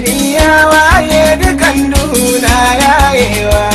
gari waye dukan duna yayewa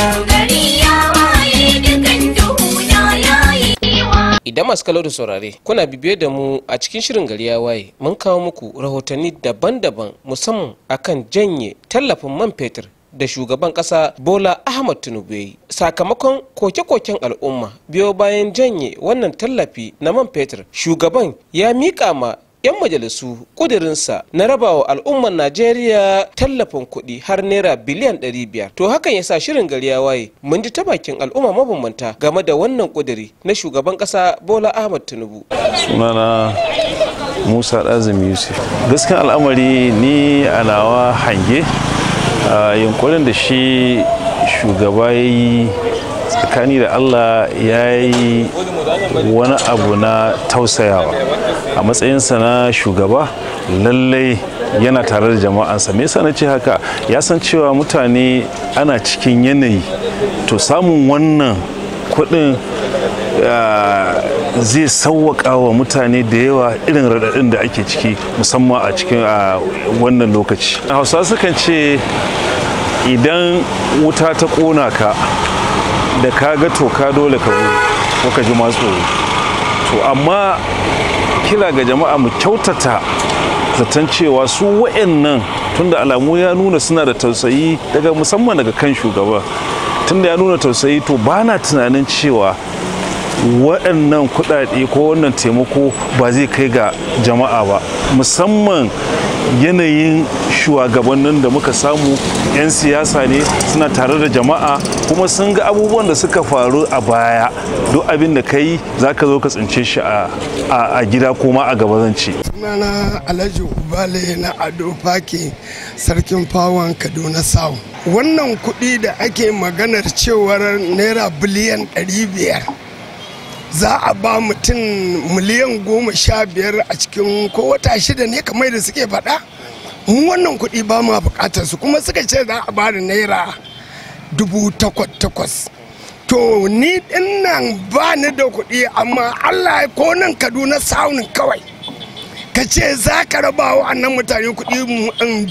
idan masu kallo da saurare kuna bibiye da mu a cikin shirin gari ya waye mun kawo muku rahotanni daban-daban musamman akan janye tallafin man fetur da shugaban kasa bola ahmad tinubu yi. sakamakon koke-koken al'umma biyo bayan janye wannan tallafi na man fetur shugaban ya miƙa ma 'yan majalisu kudirinsa na rabawa al'ummar najeriya tallafin kuɗi har naira biliyan 500 to hakan ya sa shirin gari ya waye mun ji ta bakin al'umma mabambanta game da wannan kudiri na shugaban ƙasa bola ahmad tinubu sunana musa ɗazim yusuf gaskiyan al'amari ni alawa hange yunkurin da shi shugaba ya yi tsakani da allah ya yi wani abu na tausayawa a matsayinsa na shugaba lallai yana tare da jama'ansa me yasa na ce haka ya san cewa mutane ana cikin yanayi to samun wannan kuɗin zai sawaƙa wa mutane da yawa irin raɗaɗin da ake ciki musamman a cikin wannan lokaci hausa sukan ce idan wuta ta ƙona ka da ka ga toka dole ka ko ka ji masu tsoro to amma kira ga jama'a mu kyautata zaton cewa su wa'annan tunda alamu ya nuna suna da tausayi daga musamman daga kan shugaba tunda ya nuna tausayi to ba na tunanin cewa waɗannan kuɗaɗe ko wannan taimako ba zai kai ga jama'a ba musamman yanayin shugabannin da muka samu 'yan siyasa ne suna tare da jama'a kuma sun ga abubuwan da suka faru a baya duk abin da ka yi za ka zo ka tsince shi a gida kuma a gabazanci sunana alhaji ubale na ado faki sarkin fawon kaduna south wannan kuɗi da ake maganar cewar naira biliyan 500 za a ba mutum miliyan goma sha biyar a cikin ko wata shida ne kamar da suke faɗa mu wannan kuɗi ba ma buƙatar su kuma suka ce za a ba da naira dubu takwas takwas to ni ɗin nan ba ni da kuɗi amma allah ko nan kaduna saunin kawai ka ce za ka raba wa annan mutane kuɗi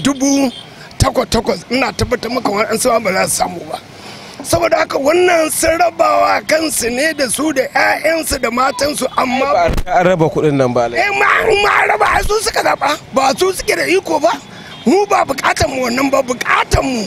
dubu takwas takwas ina tabbatar maka wa'ansu ba za su samu ba saboda haka wannan sun rabawa kansu ne da su da 'ya'yansu da matansu amma ba raba kuɗin nan ba eh ma raba su suka zaba ba su suke da iko ba mu ba bukatan mu wannan ba bukatan mu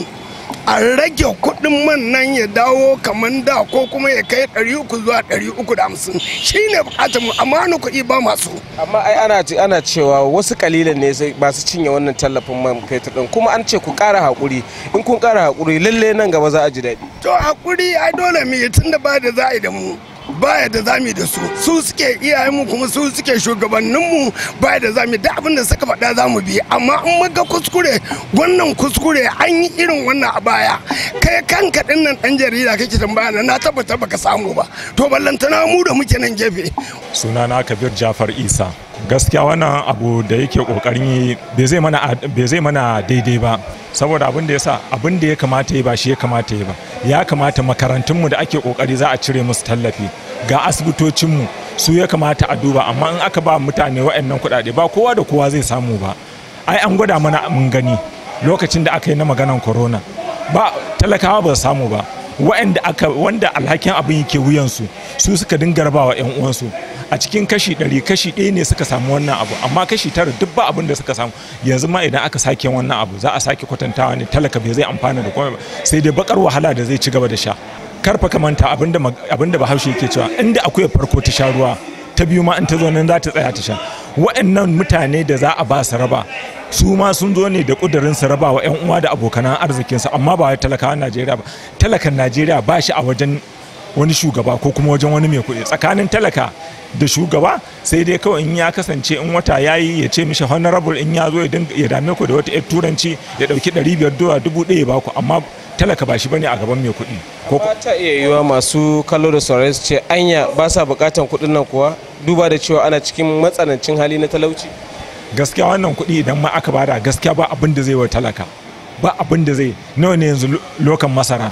a rage kuɗin man nan ya dawo kamar da ko kuma ya kai 300 zuwa 350 ne bukatar mu amma wani kuɗi ba masu amma ai ana ana cewa wasu kalilan ne ba su cinye wannan tallafin man fetur din kuma an ce ku ƙara hakuri in kun ƙara hakuri lalle nan gaba za a ji daɗi to hakuri ai dole mu yi tunda ba da za a yi da mu ba da za mu da su su suke iyayenmu kuma su suke shugabanninmu ba da za mu da abin da suka faɗa za mu bi amma in muka kuskure wannan kuskure an yi irin wannan a baya kai kanka din nan dan jarida kake tambaya na tabbata baka samu ba to ballantana mu da muke nan gefe sunana kabir jafar isa gaskiya wannan abu da yake kokarin yi bai zai mana daidai ba saboda abin da ya sa, abin da ya kamata yi ba shi ya kamata yi ba ya kamata makarantunmu da ake kokari za a cire musu tallafi ga asibitocinmu su ya kamata a duba amma in aka ba mutane wa'annan kuɗaɗe ba kowa da kowa zai samu ba ai an gwada mana mun gani lokacin da aka yi na maganan corona ba talakawa ba samu ba wanda alhakin abin yake wuyansu su suka dinga rabawa 'yan uwansu a cikin kashi ɗari kashi ɗaya ne suka samu wannan abu amma kashi tara duk ba abin da suka samu yanzu ma idan aka sake wannan abu za a sake kwatantawa ne talaka bai zai amfana da komai sai dai bakar wahala da zai ci gaba da sha karfa kamanta abinda bahaushe yake cewa inda akwai farko ta sha ruwa ta biyu ma in ta zo nan za ta tsaya ta sha waɗannan mutane da za a ba su raba su ma sun zo ne da kudurin su raba wa 'yan uwa da abokanan arzikinsu amma ba wai talakawan najeriya ba talakan najeriya ba shi a wajen wani shugaba ko kuma wajen wani mai kuɗi tsakanin talaka da shugaba sai dai kawai in ya kasance in wata ya yi ya ce mishi honorable in ya zo ya dame ku da wata yar turanci ya ɗauki ɗari biyar dola dubu ɗaya ba ku amma talaka ba shi bane a gaban mai kuɗi. ko ta iya yiwa masu kallo da saurari su ce anya ba sa buƙatar kuɗin nan kuwa duba da cewa ana cikin matsanancin hali na talauci. gaskiya wannan kuɗi idan ma aka bada gaskiya ba abin da zai wa talaka ba abin da zai nawa ne yanzu lokan masara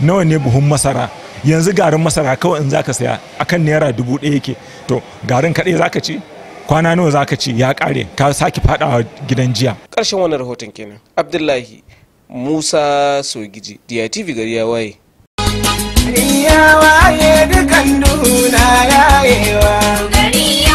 nawa ne buhun masara yanzu garin masara kawai in zaka saya akan naira dubu ɗaya yake to garin kaɗai zaka ci kwana nawa zaka ci ya ƙare ka sake faɗawa gidan jiya ƙarshen wannan rahoton kenan abdullahi musa sogiji tv gari ya waye gari ya waye dukan nuna na yayewa